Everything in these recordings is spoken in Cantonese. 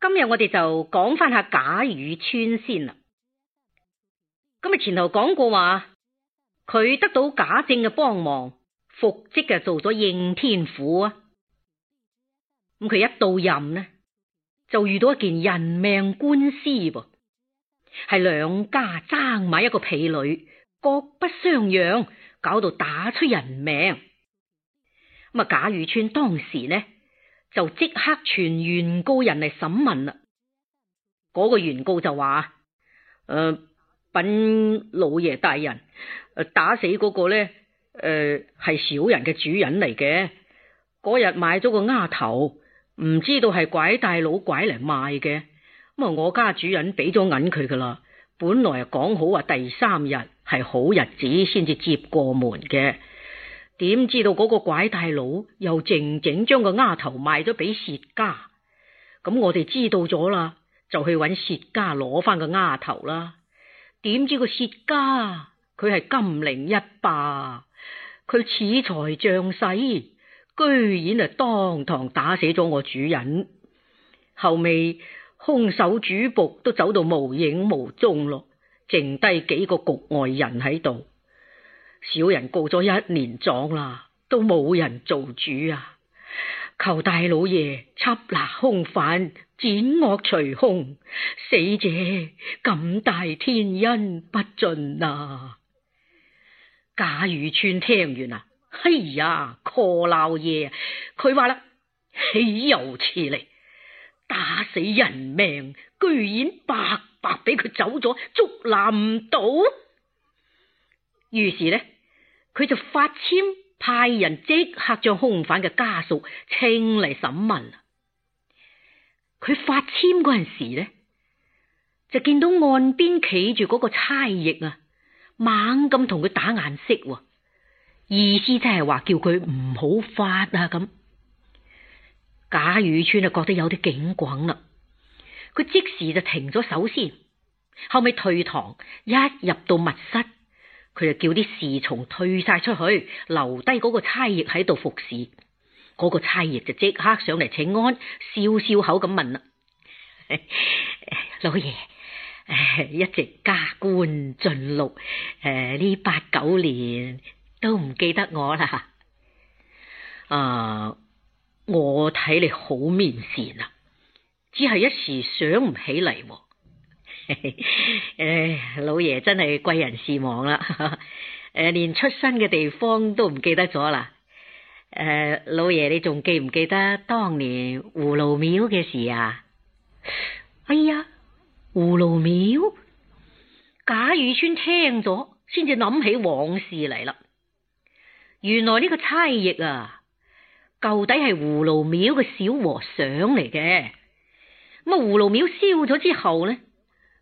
今日我哋就講翻下賈雨村先啦。咁啊前頭講過話，佢得到賈政嘅幫忙，復職啊做咗應天府啊。咁佢一到任呢，就遇到一件人命官司噃，係兩家爭埋一個婢女，各不相讓，搞到打出人命。咁啊賈雨村當時呢。就即刻傳原告人嚟審問啦。嗰、那個原告就話，誒、呃，稟老爺大人，打死嗰個咧，誒、呃、係小人嘅主人嚟嘅。嗰日買咗個丫頭，唔知道係拐大佬拐嚟賣嘅。咁啊，我家主人俾咗銀佢噶啦。本來啊講好話，第三日係好日子先至接過門嘅。點知道嗰個拐大佬又靜靜將個丫頭賣咗俾薛家，咁我哋知道咗啦，就去揾薛家攞翻個丫頭啦。點知個薛家佢係金陵一霸，佢恃財仗勢，居然係當堂打死咗我主人。後尾兇手主僕都走到無影無蹤咯剩低幾個局外人喺度。小人告咗一年狀啦，都冇人做主啊！求大老爺緝拿兇犯，剪惡除兇，死者感大天恩不盡啊！賈雨村聽完啊，哎呀，柯老爺，佢話啦，豈有此理！打死人命，居然白白俾佢走咗，捉拿唔到。於是呢，佢就發籤派人即刻將凶犯嘅家屬請嚟，審問。佢發籤嗰陣時咧，就見到岸邊企住嗰個差役啊，猛咁同佢打眼色，意思即係話叫佢唔好發啊咁。賈雨村啊，覺得有啲警廣啦，佢即時就停咗手先，後尾退堂，一入到密室，佢就叫啲侍從退晒出去，留低嗰個差役喺度服侍。嗰、嗰個差役就即刻上嚟請安，笑笑口咁問啦： 老爺，一直加官進祿，誒呢八九年都唔記得我啦。 啊，我睇你好面善啊，只係一時想唔起嚟。唉， 老爺真係貴人事忙啦！誒，連出身嘅地方都唔記得咗啦。 誒，老爺你仲記唔記得當年葫蘆廟嘅事啊？哎呀，葫蘆廟，賈雨村聽咗先至諗起往事嚟啦。原來呢個差役啊，舊底係葫蘆廟嘅小和尚嚟嘅。咁啊，葫蘆廟燒咗之後咧。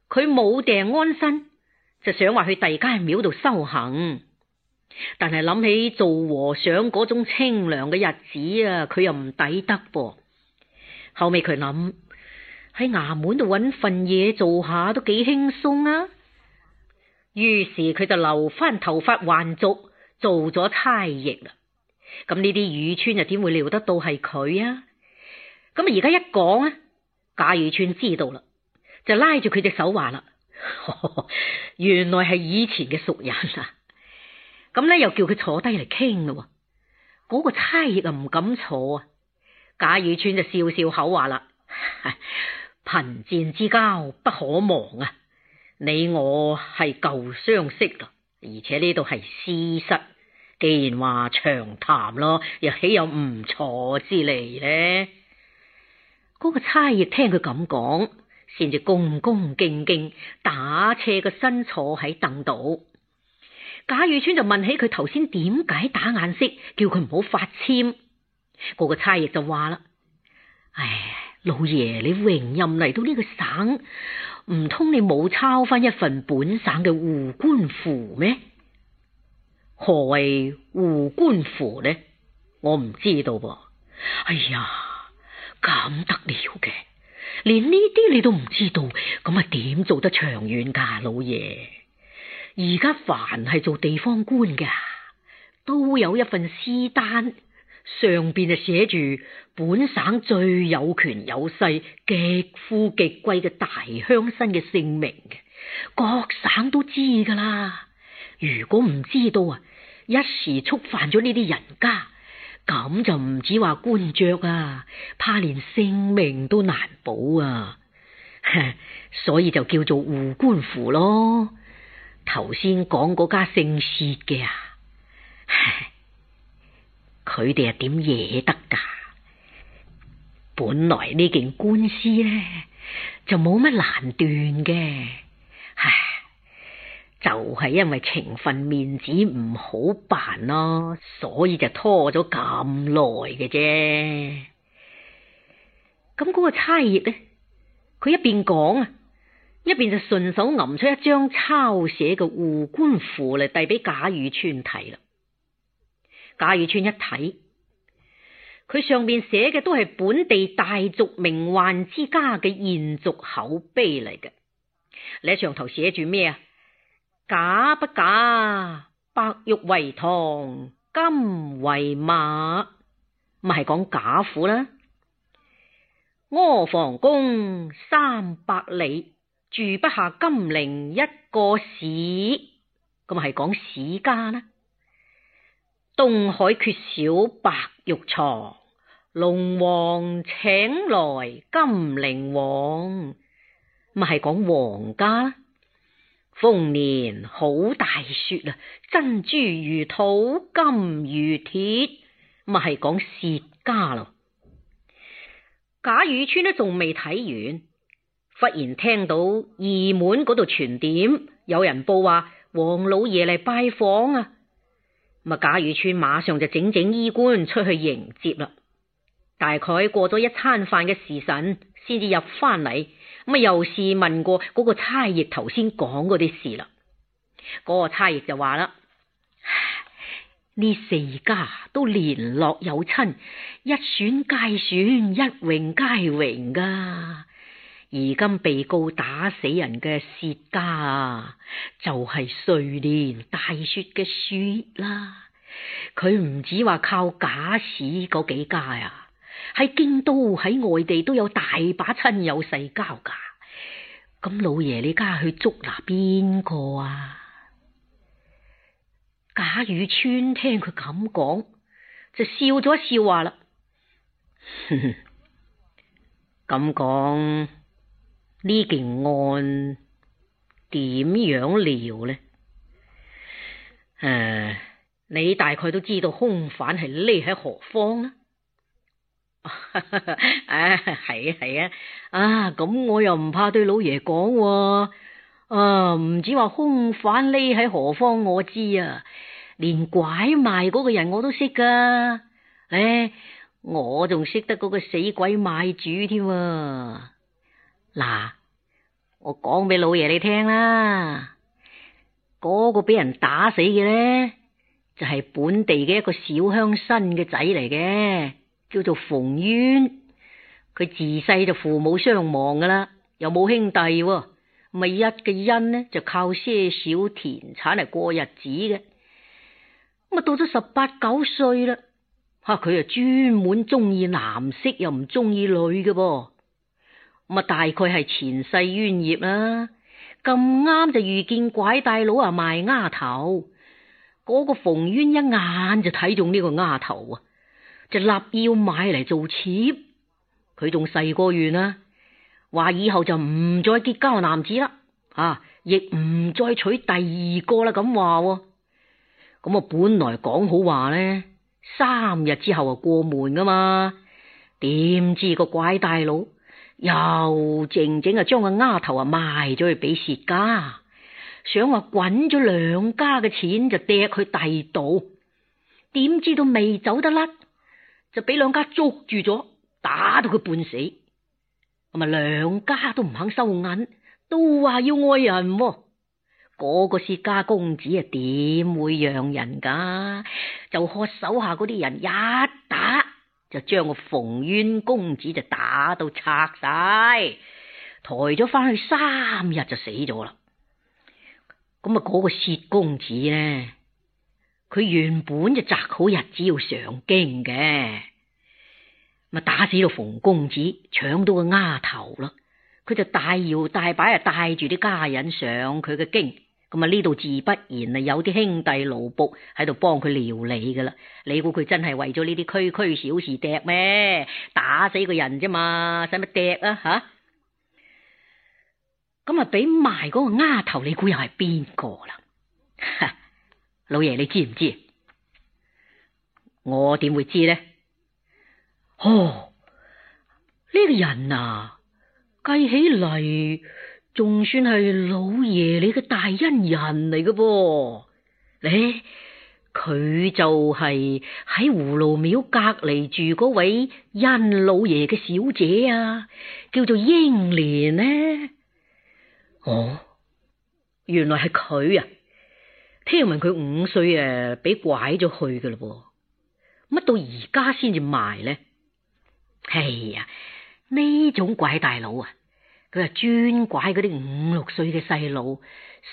佢冇地安身，就想話去第二間廟度修行，但係諗起做和尚嗰種清涼嘅日子啊，佢又唔抵得噃。後尾佢諗喺衙門度揾份嘢做下都幾輕鬆啊。於是佢就留翻頭髮還俗，做咗差役啦。咁呢啲雨村又點會料得到係佢啊？咁而家一講啊，賈雨村知道啦。就拉住佢隻手話啦，原來係以前嘅熟人啊！咁 咧又叫佢坐低嚟傾咯。嗰、那個差役啊唔敢坐啊。賈雨村就笑笑口話啦：貧賤之交不可忘啊！你我係舊相識噶，而且呢度係私室，既然話長談咯，又豈有唔坐之理呢？嗰、那個差役聽佢咁講。先至恭恭敬敬打斜個身坐喺凳度，賈雨村就問起佢頭先點解打眼色，叫佢唔好發籤。個個差役就話啦：唉，老爺，你榮任嚟到呢個省，唔通你冇抄翻一份本省嘅護官符咩？何謂護官符呢？我唔知道噃。哎呀，咁得了嘅。連呢啲你都唔知道，咁啊點做得長遠噶，老爺？而家凡係做地方官嘅，都有一份私單，上邊就寫住本省最有權有勢、極富極貴嘅大鄉紳嘅姓名嘅，各省都知噶啦。如果唔知道啊，一時觸犯咗呢啲人家。咁就唔止話官爵啊，怕連性命都難保啊，所以就叫做護官符咯。頭先講嗰家姓薛嘅啊，唉，佢哋係點惹得噶？本來呢件官司咧就冇乜難斷嘅，唉。就係因為情分面子唔好辦咯、啊，所以就拖咗咁耐嘅啫。咁、那、嗰個差役呢，佢一邊講啊，一邊就順手揞出一張抄寫嘅護官符嚟遞俾賈雨村睇啦。賈雨村一睇，佢上邊寫嘅都係本地大族名宦之家嘅現族口碑嚟嘅。你喺上頭寫住咩啊？假不假？白玉為堂，金為馬，咪係講賈府啦。阿房宮三百里，住不下金陵一個史，咁係講史家啦。東海缺少白玉床，龍王請來金陵王，咪係講王家啦。豐年好大雪！啊！珍珠如土，金如鐵，咪係講薛家咯。賈雨村都仲未睇完，忽然聽到二門嗰度傳點，有人報話王老爺嚟拜訪啊！咁啊，賈雨村馬上就整整衣冠出去迎接啦。大概過咗一餐飯嘅時辰，先至入翻嚟。咁啊，又試問過嗰個差役頭先講嗰啲事啦。嗰、那個差役就話啦：呢四家都聯絡有親，一選皆選，一榮皆榮噶、啊。而今被告打死人嘅薛家啊，就係、是、歲年大雪嘅雪啦。佢唔止話靠假使嗰幾家呀、啊。喺京都，喺外地都有大把親友世交噶。咁老爺，你家去捉拿邊個啊？賈雨村聽佢咁講，就笑咗一笑話，話啦： 咁講呢件案點樣料呢？誒、啊，你大概都知道凶犯係匿喺何方啊。」係啊係啊，咁、啊、我又唔怕對老爺講、啊，唔、啊、止話凶犯匿喺何方我知啊，連拐賣嗰個人我都識噶，唉、哎，我仲識得嗰個死鬼賣主添、啊。嗱、啊，我講俾老爺你聽啦，嗰、那個俾人打死嘅咧，就係、是、本地嘅一個小鄉紳嘅仔嚟嘅。叫做馮淵，佢自細就父母雙亡噶啦，又冇兄弟，咪一嘅恩呢，就靠些小田產嚟過日子嘅。咁啊，到咗十八九歲啦，吓佢啊專門中意男色，又唔中意女嘅噃。咁啊，大概係前世冤孽啦，咁啱就遇見拐大佬啊賣丫頭，嗰、那個馮淵一眼就睇中呢個丫頭啊。就立要買嚟做妾，佢仲細個完啦，話以後就唔再結交男子啦，啊，亦唔再娶第二個啦。咁話咁啊，本來講好話咧，三日之後啊過門噶嘛，點知個拐大佬又靜靜啊將個丫頭啊賣咗去俾薛家，想話滾咗兩家嘅錢就趯去第二度。點知都未走得甩？就俾兩家捉住咗，打到佢半死，咁啊兩家都唔肯收銀，都話要愛人、啊，嗰、那個薛家公子啊點會讓人噶？就喝手下嗰啲人一打，就將個馮淵公子就打到拆晒，抬咗翻去三日就死咗啦。咁啊嗰個薛公子咧。佢原本就擇好日子要上京嘅，咪打死到馮公子，搶到個丫頭啦，佢就大搖大擺啊，帶住啲家人上佢嘅京。咁啊，呢度自不然啊，有啲兄弟奴僕喺度幫佢料理噶啦。你估佢真係為咗呢啲區區小事趯咩？打死個人啫嘛，使乜趯啊？吓，咁啊，俾埋嗰個丫頭，你估又係邊個啦？老爺，你知唔知？我點會知呢？哦，呢個人啊，計起嚟仲算係老爺你嘅大恩人嚟嘅噃。你、欸、佢就係喺葫蘆廟隔籬住嗰位甄老爺嘅小姐啊，叫做英蓮呢、啊。哦，原來係佢啊！聽聞佢五歲啊，俾拐咗去嘅咯，乜到而家先至埋咧？哎呀，呢種拐大佬啊，佢係專拐嗰啲五六歲嘅細路，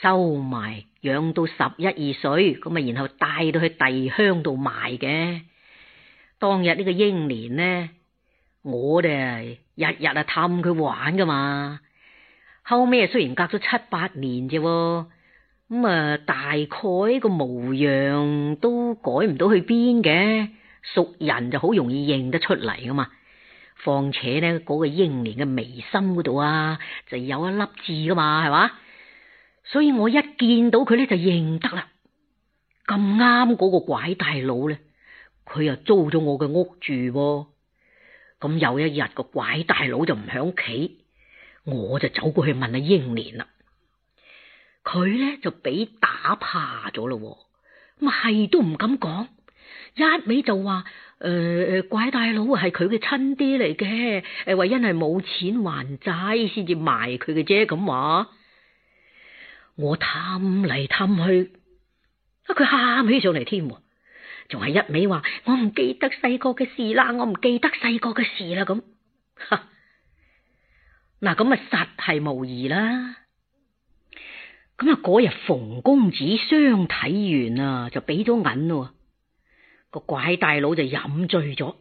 收埋養到十一二歲，咁啊，然後帶到去第鄉度賣嘅。當日呢個英年呢，我哋啊日日啊氹佢玩噶嘛，後尾啊雖然隔咗七八年啫。咁啊、嗯，大概個模樣都改唔到去邊嘅，熟人就好容易認得出嚟噶嘛。況且咧，嗰個英蓮嘅眉心度啊，就有一粒痣噶嘛，係嘛？所以我一見到佢咧就認得啦。咁啱個拐大佬咧，佢又租咗我嘅屋住啊。咁有一日個拐大佬就唔響屋企，我就走過去問阿、啊、英蓮啦。佢咧就俾打怕咗咯，咁係都唔敢講，一味就話誒，拐、呃、大佬係佢嘅親爹嚟嘅，誒，為因係冇錢還債先至埋佢嘅啫，咁話我探嚟探去，啊，佢喊起上嚟添，仲係一味話我唔記得細個嘅事啦，我唔記得細個嘅事啦，咁，哈，嗱，咁啊實係無疑啦。咁啊，嗰日馮公子相睇完啊，就俾咗銀咯。個拐大佬就飲醉咗，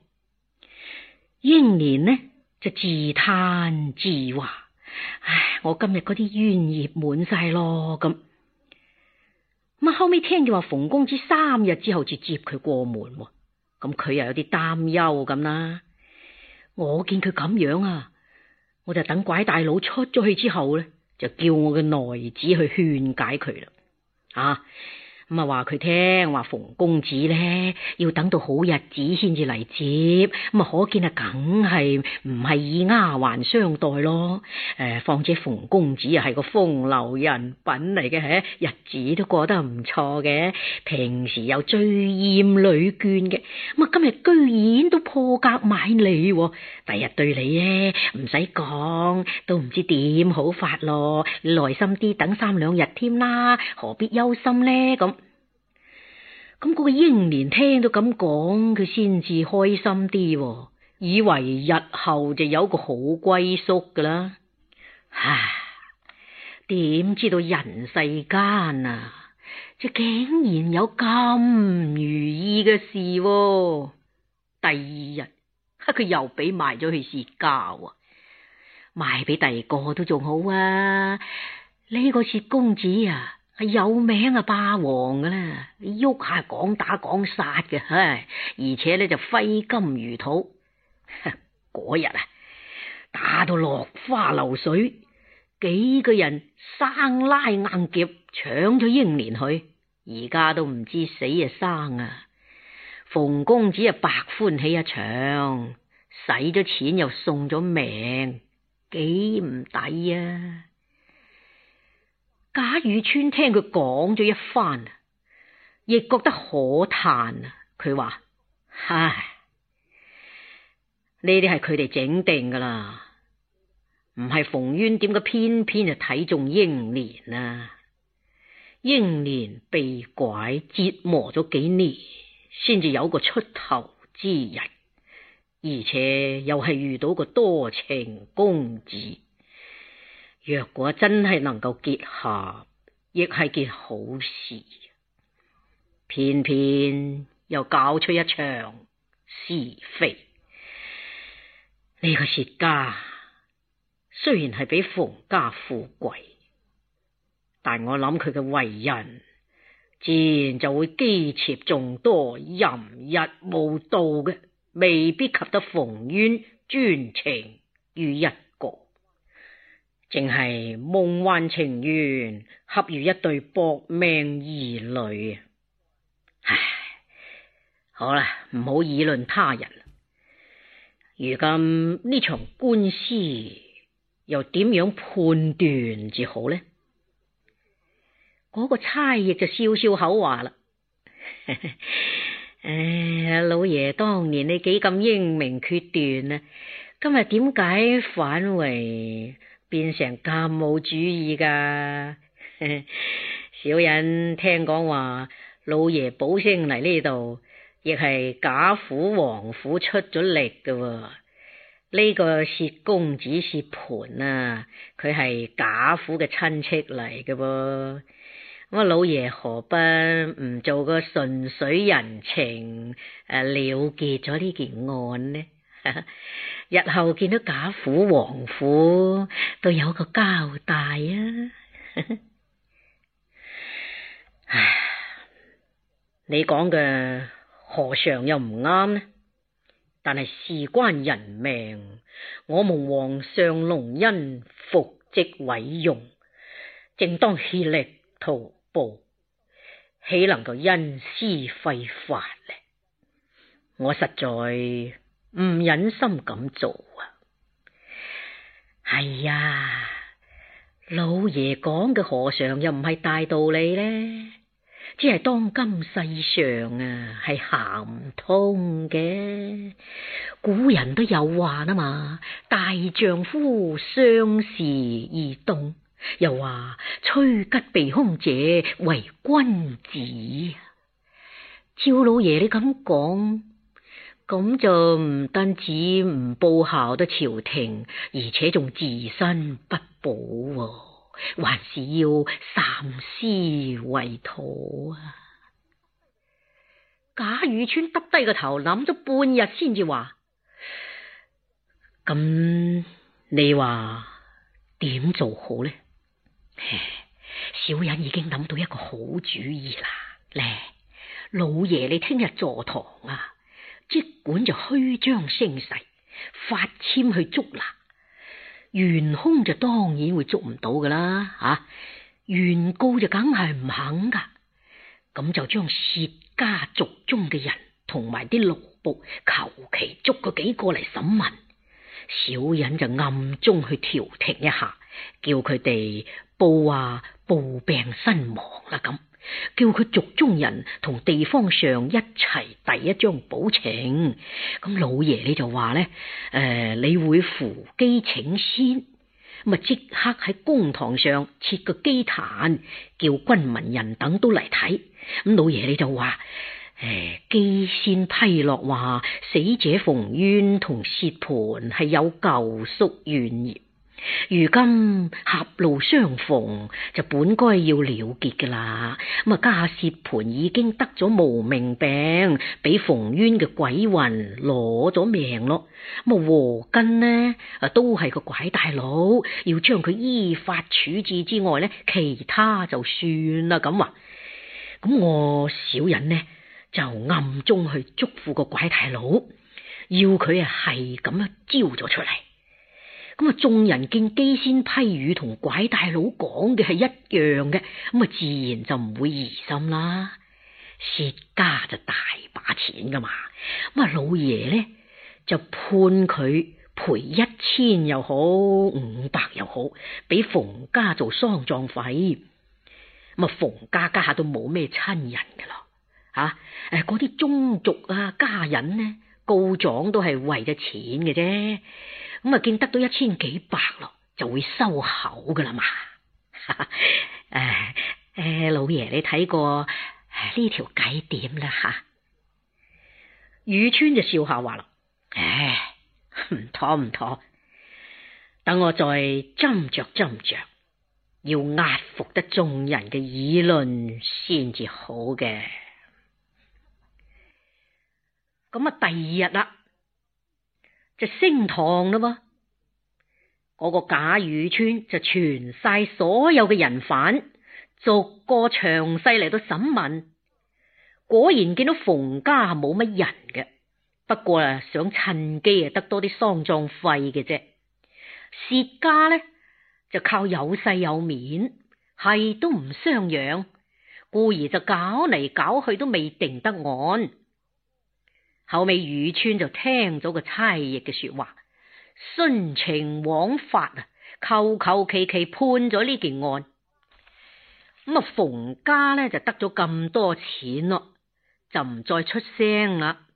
英年呢就自嘆自話，唉，我今日嗰啲冤孽滿晒咯。咁，咁後尾聽佢話馮公子三日之後就接佢過門，咁佢又有啲擔憂咁啦。我見佢咁樣啊，我就等拐大佬出咗去之後咧，就叫我嘅內子去勸解佢啦，吓、啊。咁啊，話佢聽，話馮公子咧，要等到好日子先至嚟接，咁啊，可見啊，梗係唔係以丫鬟相待咯。誒、呃，況且馮公子啊，係個風流人品嚟嘅，日子都過得唔錯嘅，平時又最厭女眷嘅，咁啊，今日居然都破格買你，第日對你咧，唔使講，都唔知點好法咯。耐心啲等三兩日添啦，何必憂心咧咁？咁嗰個英蓮聽到咁講，佢先至開心啲，以為日後就有個好歸宿噶啦。唉，點知道人世間啊，就竟然有咁如意嘅事，啊？第二日，佢又俾賣咗去薛家，賣俾第二個都仲好啊，呢、這個薛公子啊。係有名啊，霸王噶啦，喐下講打講殺嘅，而且咧就揮金如土。嗰 日啊，打到落花流水，幾個人生拉硬夾搶咗英蓮去，而家都唔知死啊生啊！馮公子啊，白歡喜一場，使咗錢又送咗命，幾唔抵啊！賈雨村聽佢講咗一番，亦覺得可嘆啊！佢話：唉，呢啲係佢哋整定噶啦，唔係馮淵點解偏偏就睇中英蓮啊？英蓮被拐折磨咗幾年，先至有個出頭之日，而且又係遇到個多情公子。若果真係能夠結合，亦係件好事。偏偏又搞出一場是非。呢、這個薛家雖然係比馮家富貴，但我諗佢嘅為人，自然就會姬妾眾多，淫逸無道嘅，未必及得馮淵專情如一。淨係夢幻情緣，恰如一對搏命兒女。唉，好啦，唔好議論他人。如今呢場官司又點樣判斷至好呢？嗰、那個差役就笑笑口話啦：，唉、 哎，老爺，當年你幾咁英明決斷啊！今日點解反為？變成咁冇主意噶， 小人聽講話老爺補升嚟呢度，亦係賈府王府出咗力噶。呢、這個薛公子薛蟠啊，佢係賈府嘅親戚嚟嘅。咁啊，老爺何不唔做個順水人情，誒了結咗呢件案呢？ 日後見到賈府、王府都有個交代啊！ 唉，你講嘅何嘗又唔啱呢？但係事關人命，我蒙皇上隆恩復職委用，正當竭力圖報，豈能夠因私廢法呢？我實在。唔忍心咁做啊！係、哎、啊，老爺講嘅何嘗又唔係大道理呢？只係當今世上啊係行唔通嘅。古人都有話啊嘛，大丈夫相時而動，又話趨吉避凶者為君子啊。照老爺，你咁講？咁就唔單止唔報效得朝廷，而且仲自身不保、啊，還是要三思為妥啊！賈雨村耷低個頭諗咗半日，先至話：咁你話點做好呢？唉，小人已經諗到一個好主意啦，咧老爺，你聽日坐堂啊！即管就虛張聲勢，發籤去捉拿，元兇就當然會捉唔到噶啦，吓、啊，原告就梗係唔肯噶，咁就將薛家族中嘅人同埋啲奴僕，求其捉佢幾個嚟審問，小人就暗中去調停一下，叫佢哋報啊暴病身亡啦咁。叫佢族中人同地方上一齊遞一張保呈，咁老爺你就話咧，誒、呃,你會扶乩請仙，咁啊即刻喺公堂上設個乩壇，叫軍民人等都嚟睇，咁老爺你就話，誒、呃,乩仙批落話死者馮淵同薛蟠係有舊宿怨如今狹路相逢就本該要了結噶啦，咁啊家下薛蟠已經得咗無名病，俾馮淵嘅鬼魂攞咗命咯，咁啊和根呢啊都係個拐大佬，要將佢依法處置之外呢，其他就算啦咁話，咁我小人呢就暗中去囑咐個拐大佬，要佢啊係咁樣招咗出嚟。咁啊，眾人見機先批語同拐大佬講嘅係一樣嘅，咁啊，自然就唔會疑心啦。薛家就大把錢噶嘛，咁啊，老爺咧就判佢賠一千又好，五百又好，俾馮家做喪葬費。咁啊，馮家家下都冇咩親人噶啦，吓誒，嗰啲宗族啊家人呢告狀都係為咗錢嘅啫。咁啊，見得到一千幾百咯，就會收口噶啦嘛。唉、 哎哎，老爺，你睇過呢條計點啦？吓、哎，雨村就笑下話：咯，唉，唔妥唔妥，等我再斟酌斟酌，要壓服得眾人嘅議論先至好嘅。咁啊，第二日啦。就升堂啦噃，嗰個賈雨村就傳晒所有嘅人犯逐個詳細嚟到審問，果然見到馮家冇乜人嘅，不過啊想趁機啊得多啲喪葬費嘅啫。薛家呢，就靠有勢有面，係都唔相讓，故而就搞嚟搞去都未定得案。後尾雨村就聽咗個差役嘅說話，徇情枉法啊，求求其其判咗呢件案。咁啊，馮家呢就得咗咁多錢咯，就唔再出聲啦。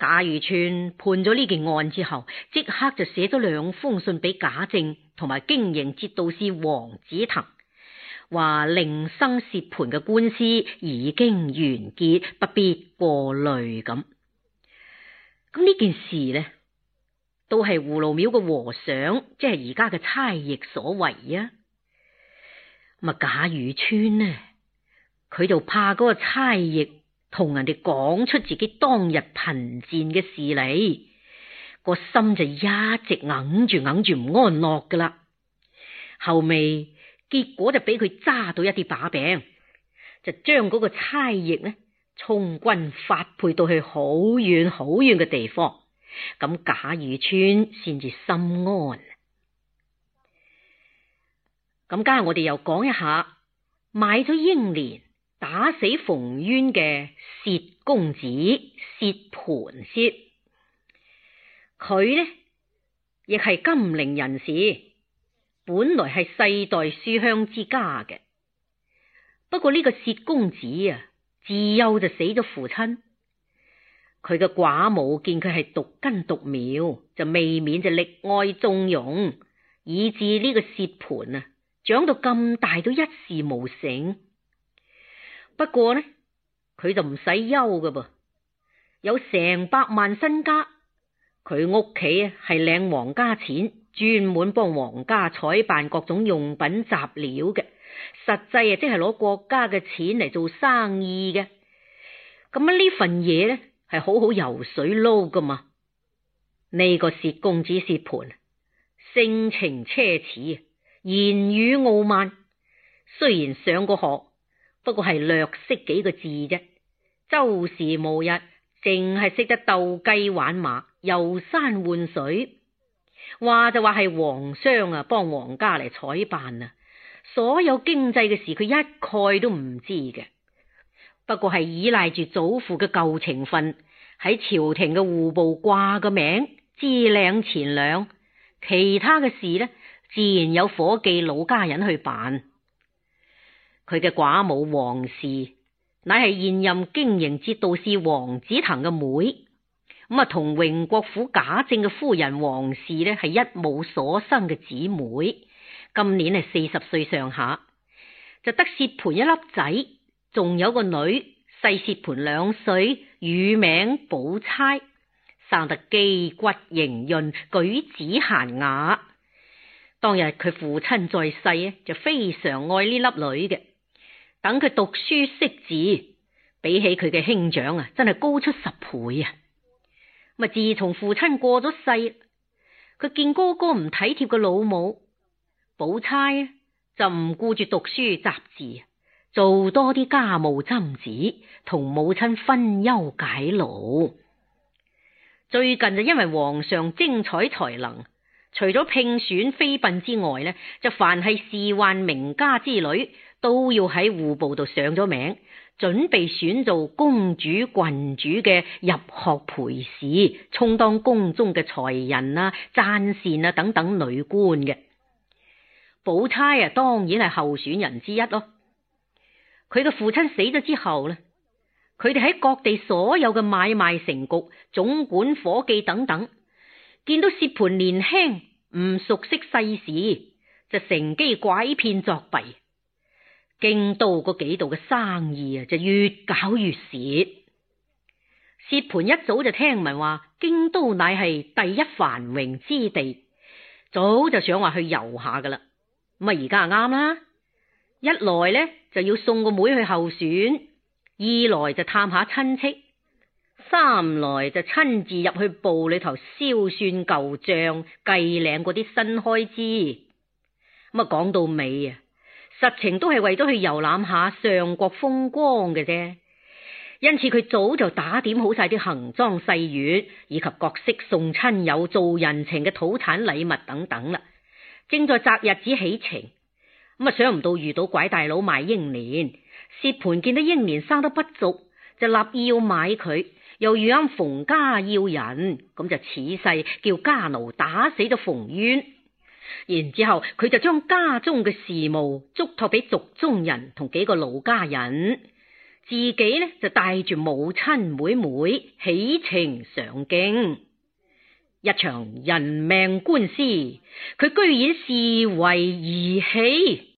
賈雨村判咗呢件案之後，即刻就寫咗兩封信俾賈政同埋京營節度使王子騰，話令甥薛蟠嘅官司已經完結，不必過慮咁。咁呢件事呢，都係葫蘆廟嘅和尚，即係而家嘅差役所為啊。咁啊，賈雨村呢，佢就怕嗰個差役同人哋講出自己當日貧賤嘅事嚟，個心就一直硬住硬住唔安樂噶啦。後尾結果就俾佢揸到一啲把柄，就將嗰個差役呢，充軍發配到去好遠好遠嘅地方，咁賈雨村先至心安。咁今日我哋又講一下買咗英蓮、打死馮淵嘅薛公子薛蟠。薛佢呢，亦係金陵人士，本來係世代書香之家嘅。不過呢個薛公子啊，自幼就死咗父親，佢嘅寡母見佢係獨根獨苗，就未免就溺愛縱容，以致呢個薛蟠啊，長到咁大都一事無成。不過呢，佢就唔使憂嘅噃，有成百萬身家，佢屋企啊係領皇家錢，專門幫皇家採辦各種用品雜料嘅。實際啊，即係攞國家嘅錢嚟做生意嘅，咁啊，呢份嘢咧係好好游水撈噶嘛？呢、呢個薛公子薛蟠性情奢侈，言語傲慢。雖然上過學，不過係略識幾個字啫。周時無日淨係識得鬥雞玩馬、遊山玩水。話就話係皇商啊，幫皇家嚟採辦啊。所有經濟嘅事，佢一概都唔知嘅。不過係依賴住祖父嘅舊情分，喺朝廷嘅戶部掛個名，支領錢糧。其他嘅事呢，自然有夥計老家人去辦。佢嘅寡母王氏，乃係現任經營節度使王子騰嘅妹，咁啊，同榮國府賈政嘅夫人王氏呢，係一母所生嘅姊妹。今年係四十歲上下，就得薛蟠一粒仔，仲有個女細薛蟠兩歲，乳名寶釵，生得肌骨瑩潤，舉止嫻雅。當日佢父親在世啊，就非常愛呢粒女嘅。等佢讀書識字，比起佢嘅兄長啊，真係高出十倍啊！咪自從父親過咗世，佢見哥哥唔體貼個老母。寶釵就唔顧住讀書習字，做多啲家務針子，同母親分憂解勞。最近就因為皇上精彩才能，除咗聘選妃嬪之外，呢就凡係仕宦名家之女，都要喺戶部度上咗名，準備選做公主、郡主嘅入學陪侍，充當宮中嘅才人啊、贊善啊等等女官嘅。寶釵啊，當然係候選人之一咯。佢嘅父親死咗之後呢，佢哋喺各地所有嘅買賣成局、總管夥計等等，見到薛蟠年輕唔熟悉世事，就乘機拐騙作弊。京都嗰幾度嘅生意啊，就越搞越蝕。薛蟠一早就聽聞話京都乃係第一繁榮之地，早就想話去遊下噶啦。咁啊，而家啱啦！一來呢就要送個妹妹去候選，二來就探下親戚，三來就親自入去部裏頭銷算舊賬、計領嗰啲新開支。咁啊，講到尾啊，實情都係為咗去遊覽下上國風光嘅啫。因此，佢早就打點好晒啲行裝細軟，以及各式送親友、做人情嘅土產禮物等等啦。正在擇日子起程，咁啊想唔到遇到鬼大佬賣英蓮，薛蟠見到英蓮生得不俗，就立意要買佢，又遇啱馮家要人，咁就恃勢叫家奴打死咗馮淵，然之後佢就將家中嘅事務囑託俾族中人同幾個老家人，自己呢，就帶住母親妹妹起程上京。一場人命官司，佢居然視為兒戲。